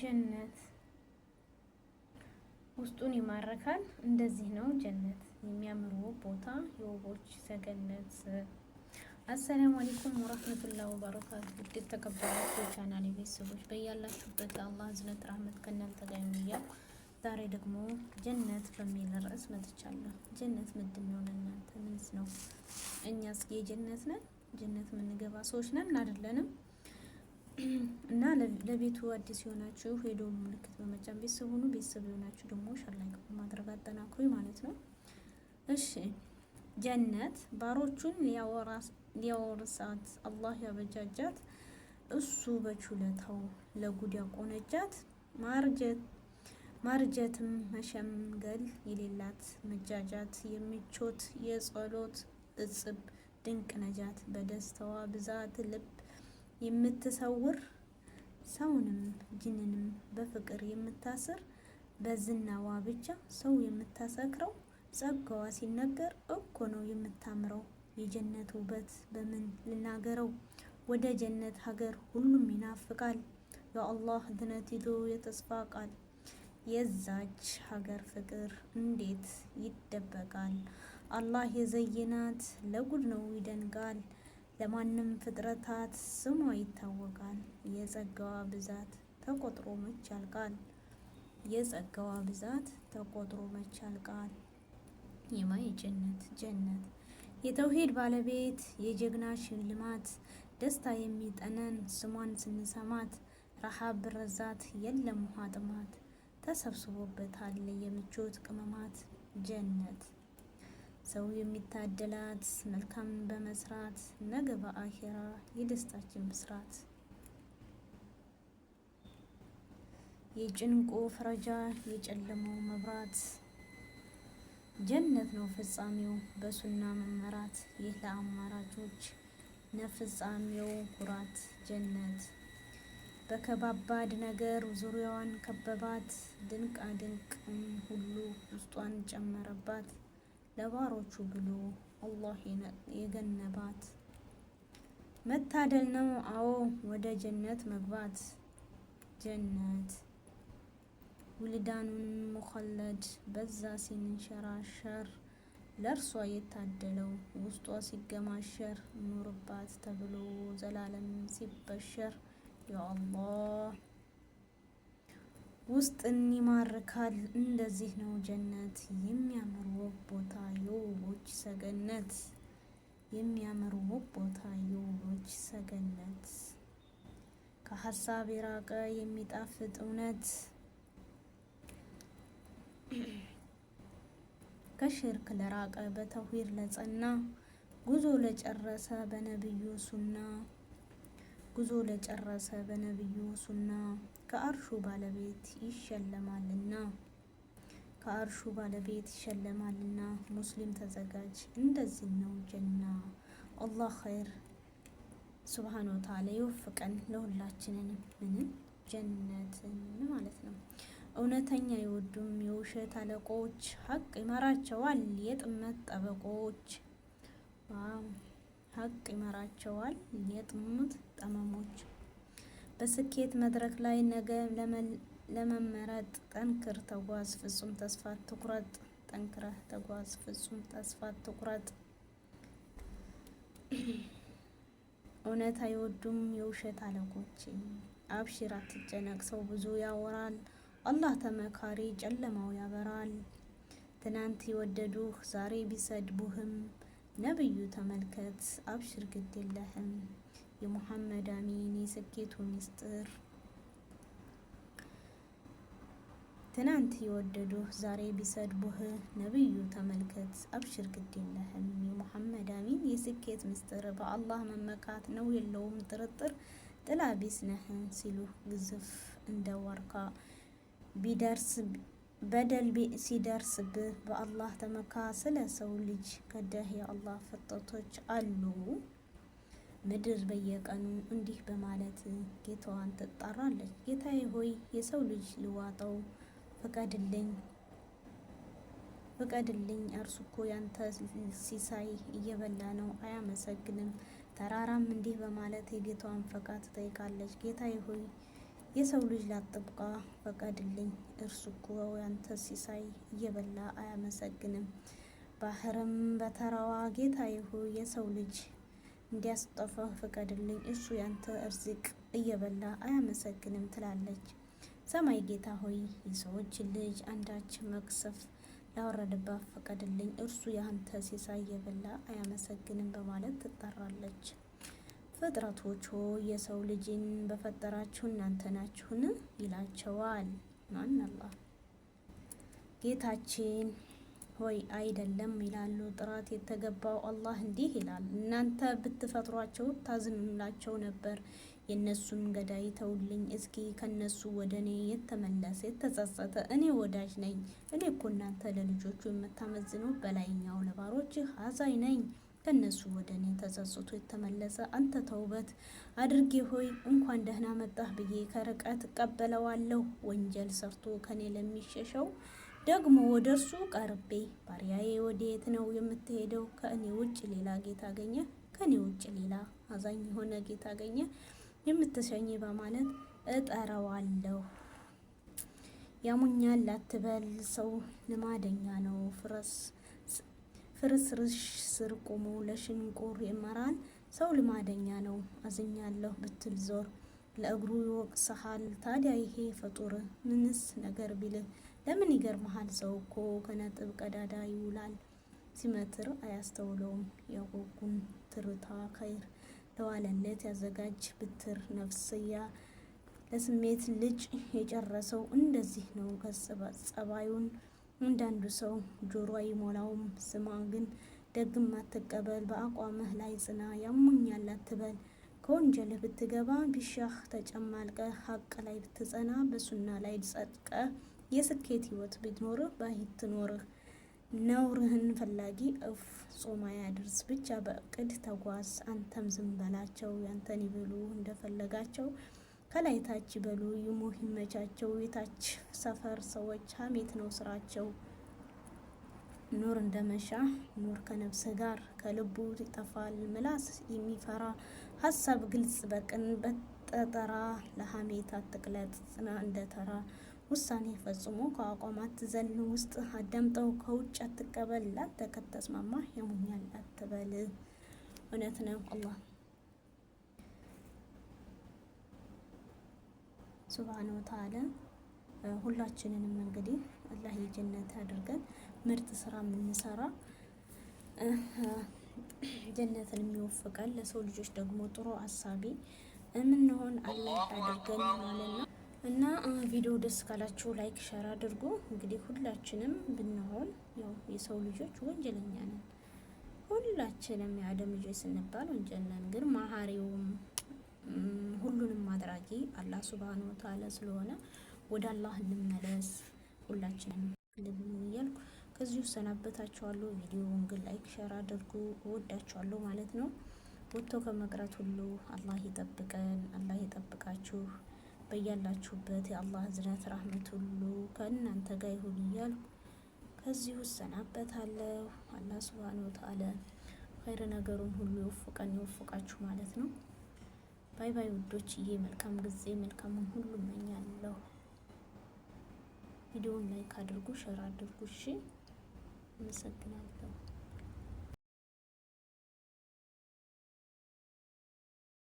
ጀነት ውስጡን ይማርካል። እንደዚህ ነው ጀነት የሚያምር ውብ ቦታ፣ የውቦች ሰገነት። አሰላሙ አለይኩም ወራህመቱላሂ ወበረካቱ። ውድ ተከበራችሁ ቻናል ቤተሰቦች በያላችሁበት አላህ እዝነት ራህመት ከእናንተ ጋር ይሁን። ዛሬ ደግሞ ጀነት በሚል ርዕስ መጥቻለሁ። ጀነት ምንድን ነው? ለእናንተ ምንስ ነው? እኛስ የጀነት ነን? ጀነት የምንገባ ሰዎች ነን አይደለንም? ለቤቱ አዲስ የሆናችሁ ሄዶ ምልክት በመጫን ቤተሰብ ሁኑ። ቤተሰብ የሆናችሁ ደግሞ ሸር በማድረግ አጠናክሩ ማለት ነው። እሺ ጀነት ባሮቹን ሊያወርሳት አላህ ያበጃጃት እሱ በችለታው ለጉድ ያቆነጃት ማርጀት ማርጀትም መሸምገል የሌላት መጃጃት የሚቾት የጸሎት እጽብ ድንቅ ነጃት በደስታዋ ብዛት ልብ የምትሰውር ሰውንም ጅንንም በፍቅር የምታስር በዝናዋ ብቻ ሰው የምታሰክረው ጸጋዋ ሲነገር እኮ ነው የምታምረው። የጀነት ውበት በምን ልናገረው? ወደ ጀነት ሀገር ሁሉም ይናፍቃል። የአላህ ድነት ይዞ የተስፋ ቃል የዛች ሀገር ፍቅር እንዴት ይደበቃል? አላህ የዘየናት ለጉድ ነው ይደንቃል። ለማንም ፍጥረታት ስሟ ይታወቃል። የጸጋዋ ብዛት ተቆጥሮ መች ያልቃል። የጸጋዋ ብዛት ተቆጥሮ መች ያልቃል። የማይ ጀነት ጀነት የተውሂድ ባለቤት የጀግና ሽልማት ደስታ የሚጠነን ስሟን ስንሰማት ረሃብ ብረዛት የለም ውሃ ጥማት ተሰብስቦበታል የምቾት ቅመማት ጀነት ሰው የሚታደላት መልካም በመስራት ነገ በአሄራ የደስታችን ብስራት የጭንቁ ፍረጃ የጨለመው መብራት ጀነት ነው ፍጻሜው በሱና መመራት ይህ ለአማራጮች ነፍጻሜው ኩራት ጀነት በከባባድ ነገር ዙሪያዋን ከበባት ድንቃ ድንቅን ሁሉ ውስጧን ጨመረባት። ለባሮቹ ብሎ አላህ የገነባት መታደል ነው። አዎ ወደ ጀነት መግባት ጀነት ውልዳኑን ሙኸለድ በዛ ሲንሸራሸር ለእርሷ የታደለው ውስጧ ሲገማሸር ኑርባት ተብሎ ዘላለም ሲበሸር ያ አላህ ውስጥን ይማርካል። እንደዚህ ነው ጀነት፣ የሚያምር ውብ ቦታ፣ የውቦች ሰገነት፣ የሚያምር ውብ ቦታ፣ የውቦች ሰገነት፣ ከሀሳብ የራቀ የሚጣፍጥ እውነት፣ ከሽርክ ለራቀ በተውሂድ ለጸና ጉዞ ለጨረሰ በነብዩ ሱና ጉዞ ለጨረሰ በነቢዩ ሱና ከአርሹ ባለቤት ይሸለማልና ከአርሹ ባለቤት ይሸለማልና። ሙስሊም ተዘጋጅ። እንደዚህ ነው ጀና። አላህ ኸይር ስብሓን ወተዓላ ይወፍቀን ለሁላችንን ምንም ጀነትን ማለት ነው። እውነተኛ የወዱም የውሸት አለቆች ሀቅ ይመራቸዋል የጥመት ጠበቆች ሀቅ ይመራቸዋል። የጥሙት ጠመሞች በስኬት መድረክ ላይ ነገ ለመመረጥ ጠንክር ተጓዝ፣ ፍጹም ተስፋ ትቁረጥ። ጠንክረህ ተጓዝ፣ ፍጹም ተስፋ ትቁረጥ። እውነት አይወዱም የውሸት አለቆች። አብሽር አትጨነቅ፣ ሰው ብዙ ያወራል፣ አላህ ተመካሪ ጨለማው ያበራል። ትናንት የወደዱህ ዛሬ ቢሰድቡህም ነብዩ ተመልከት፣ አብሽር ግድ የለህም። የሙሐመድ አሚን የስኬቱ ምስጢር ትናንት የወደዱህ ዛሬ ቢሰድቡህ፣ ነብዩ ተመልከት፣ አብሽር ግድ የለህም። የሙሐመድ አሚን የስኬት ምስጢር በአላህ መመካት ነው የለውም ጥርጥር፣ ጥላ ቢስ ነህ ሲሉህ ግዝፍ እንደ ዋርካ ቢደርስ በደል ሲደርስብህ በአላህ ተመካ። ስለ ሰው ልጅ ከደህ የአላህ ፍጠቶች አሉ። ምድር በየቀኑ እንዲህ በማለት ጌታዋን ትጣራለች። ጌታዬ ሆይ የሰው ልጅ ልዋጠው ፍቀድልኝ ፍቀድልኝ እርሱ እኮ ያንተ ሲሳይ እየበላ ነው፣ አያመሰግንም። ተራራም እንዲህ በማለት የጌታዋን ፈቃድ ትጠይቃለች። ጌታዬ ሆይ የሰው ልጅ ላጥብቃ ፈቀድልኝ። እርሱ እኮ ያንተ ሲሳይ እየበላ አያመሰግንም። ባህርም በተራዋ ጌታ ይሁ የሰው ልጅ እንዲያስጠፋ ፍቀድልኝ። እሱ ያንተ እርዝቅ እየበላ አያመሰግንም ትላለች። ሰማይ ጌታ ሆይ የሰዎች ልጅ አንዳች መቅሰፍ ላወረደባት ፍቀድልኝ። እርሱ ያንተ ሲሳይ እየበላ አያመሰግንም በማለት ትጠራለች። ፍጥረቶች ሆይ የሰው ልጅን በፈጠራችሁ እናንተ ናችሁን? ይላቸዋል። ማን አላህ ጌታችን ሆይ አይደለም ይላሉ። ጥራት የተገባው አላህ እንዲህ ይላል፣ እናንተ ብትፈጥሯቸው ታዝኑላቸው ነበር። የእነሱን ገዳይ ተውልኝ እስኪ። ከነሱ ወደ እኔ የተመለሰ የተጸጸተ እኔ ወዳጅ ነኝ። እኔ እኮ እናንተ ለልጆቹ የምታመዝኑ በላይኛው ለባሮች አዛኝ ነኝ። ከነሱ ወደ እኔ ተጸጽቶ የተመለሰ አንተ ተውበት አድርጌ ሆይ እንኳን ደህና መጣህ ብዬ ከርቀት እቀበለዋለሁ። ወንጀል ሰርቶ ከኔ ለሚሸሸው ደግሞ ወደ እርሱ ቀርቤ ባሪያዬ የት ነው የምትሄደው? ከእኔ ውጭ ሌላ ጌታ አገኘ ከእኔ ውጭ ሌላ አዛኝ የሆነ ጌታ አገኘ የምትሸኝ በማለት እጠረዋለሁ። ያሙኛል አትበል፣ ሰው ልማደኛ ነው። ፍረስ ፍርስርሽ ስር ቆሞ ለሽንቁር ይመራል። ሰው ልማደኛ ነው አዝኛለሁ ብትል ዞር ለእግሩ ይወቅስሃል። ታዲያ ይሄ ፈጡር ምንስ ነገር ቢልህ ለምን ይገርመሃል? ሰው እኮ ከነጥብ ቀዳዳ ይውላል። ሲመትር አያስተውለውም የጎጉን ትርታ ከይር ለዋለለት ያዘጋጅ ብትር ነፍስያ ለስሜት ልጭ የጨረሰው እንደዚህ ነው ገጸ ጸባዩን አንዳንዱ ሰው ጆሮ አይሞላውም። ስማ ግን ደግም አትቀበል፣ በአቋምህ ላይ ጽና። ያሙኛል አትበል፣ ከወንጀልህ ብትገባ ቢሻህ ተጨማልቀ፣ ሀቅ ላይ ብትጸና፣ በሱና ላይ ጸድቀ፣ የስኬት ህይወት ቢኖርህ ባሂት ትኖርህ። ነውርህን ፈላጊ እፍ ጾማ ያድርስ። ብቻ በእቅድ ተጓዝ። አንተም ዝም በላቸው ያንተን ይብሉ እንደፈለጋቸው። ከላይ ታች በሉ ይሙህ ይመቻቸው። የታች ሰፈር ሰዎች ሀሜት ነው ስራቸው። ኑር እንደመሻ ኑር ከነፍስ ጋር ከልቡ ይጠፋል ምላስ የሚፈራ ሀሳብ ግልጽ በቅን በጠጠራ ለሀሜት አትቅለጥ ጽና እንደተራ ውሳኔ ፈጽሞ ከአቋማት ዘል ውስጥ አዳምጠው ከውጭ አትቀበል። ላንተ ከተስማማ አትበል። እውነት ነው አላህ ሱብሃነ ወተዓላ ሁላችንንም እንግዲህ አላህ የጀነት አድርገን ምርጥ ስራ የምንሰራ ጀነትን የሚወፍቀን ለሰው ልጆች ደግሞ ጥሩ አሳቢ የምንሆን አላህ አድርገን ማለት ነው። እና ቪዲዮ ደስ ካላችሁ ላይክ፣ ሸር አድርጉ። እንግዲህ ሁላችንም ብንሆን ያው የሰው ልጆች ወንጀለኛ ነን። ሁላችንም የአደም ልጆች ስንባል ወንጀል ነን፣ ግን መሀሪውም ሁሉንም አድራጊ አላህ ሱብሃነ ወተዓላ ስለሆነ ወደ አላህ እንመለስ ሁላችንም እያልኩ ከዚሁ ሰናበታችኋለሁ። ቪዲዮውን ግን ላይክ፣ ሸር አድርጉ። እወዳችኋለሁ ማለት ነው። ወጥቶ ከመቅረት ሁሉ አላህ ይጠብቀን፣ አላህ ይጠብቃችሁ። በያላችሁበት የአላህ እዝነት ራህመት ሁሉ ከእናንተ ጋር ይሁን እያልኩ ከዚሁ ሰናበታለሁ። አላህ ሱብሃነ ወተዓላ ኸይረ ነገሩን ሁሉ ይወፍቀን፣ ይወፍቃችሁ ማለት ነው። ባይ ባይ ውዶች፣ ይሄ መልካም ጊዜ መልካሙን ሁሉ እመኛለሁ። ቪዲዮውን ላይክ አድርጉ፣ ሸር አድርጉ። እሺ፣ አመሰግናለሁ።